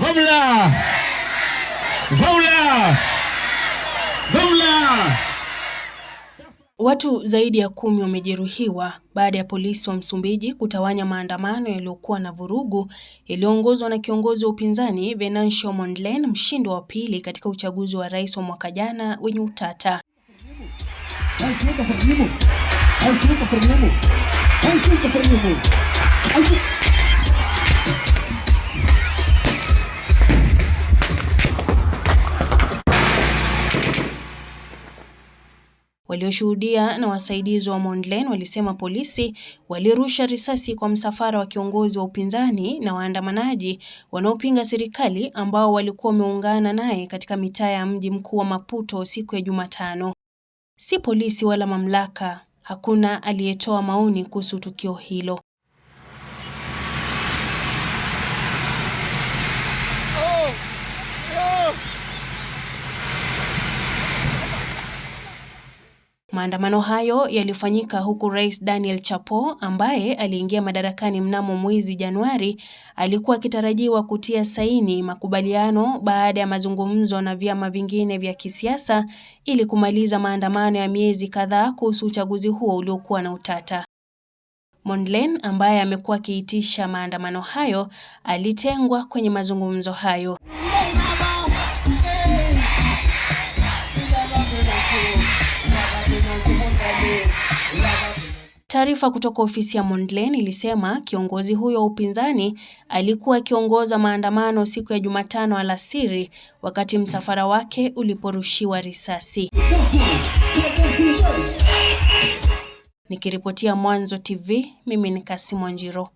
Dhumla, dhumla, dhumla. Watu zaidi ya kumi wamejeruhiwa baada ya polisi wa Msumbiji kutawanya maandamano yaliyokuwa na vurugu yaliyoongozwa na kiongozi wa upinzani Venancio Mondlane, mshindi wa pili katika uchaguzi wa rais wa mwaka jana wenye utata. Walioshuhudia na wasaidizi wa Mondlane walisema polisi walirusha risasi kwa msafara wa kiongozi wa upinzani na waandamanaji wanaopinga serikali ambao walikuwa wameungana naye katika mitaa ya mji mkuu wa Maputo siku ya Jumatano. Si polisi wala mamlaka, hakuna aliyetoa maoni kuhusu tukio hilo. Maandamano hayo yalifanyika huku Rais Daniel Chapo ambaye aliingia madarakani mnamo mwezi Januari alikuwa akitarajiwa kutia saini makubaliano baada ya mazungumzo na vyama vingine vya kisiasa ili kumaliza maandamano ya miezi kadhaa kuhusu uchaguzi huo uliokuwa na utata. Mondlane ambaye amekuwa akiitisha maandamano hayo alitengwa kwenye mazungumzo hayo. Taarifa kutoka ofisi ya Mondlane ilisema kiongozi huyo wa upinzani alikuwa akiongoza maandamano siku ya Jumatano alasiri wakati msafara wake uliporushiwa risasi. Nikiripotia Mwanzo TV, mimi ni Kassim Wanjiro.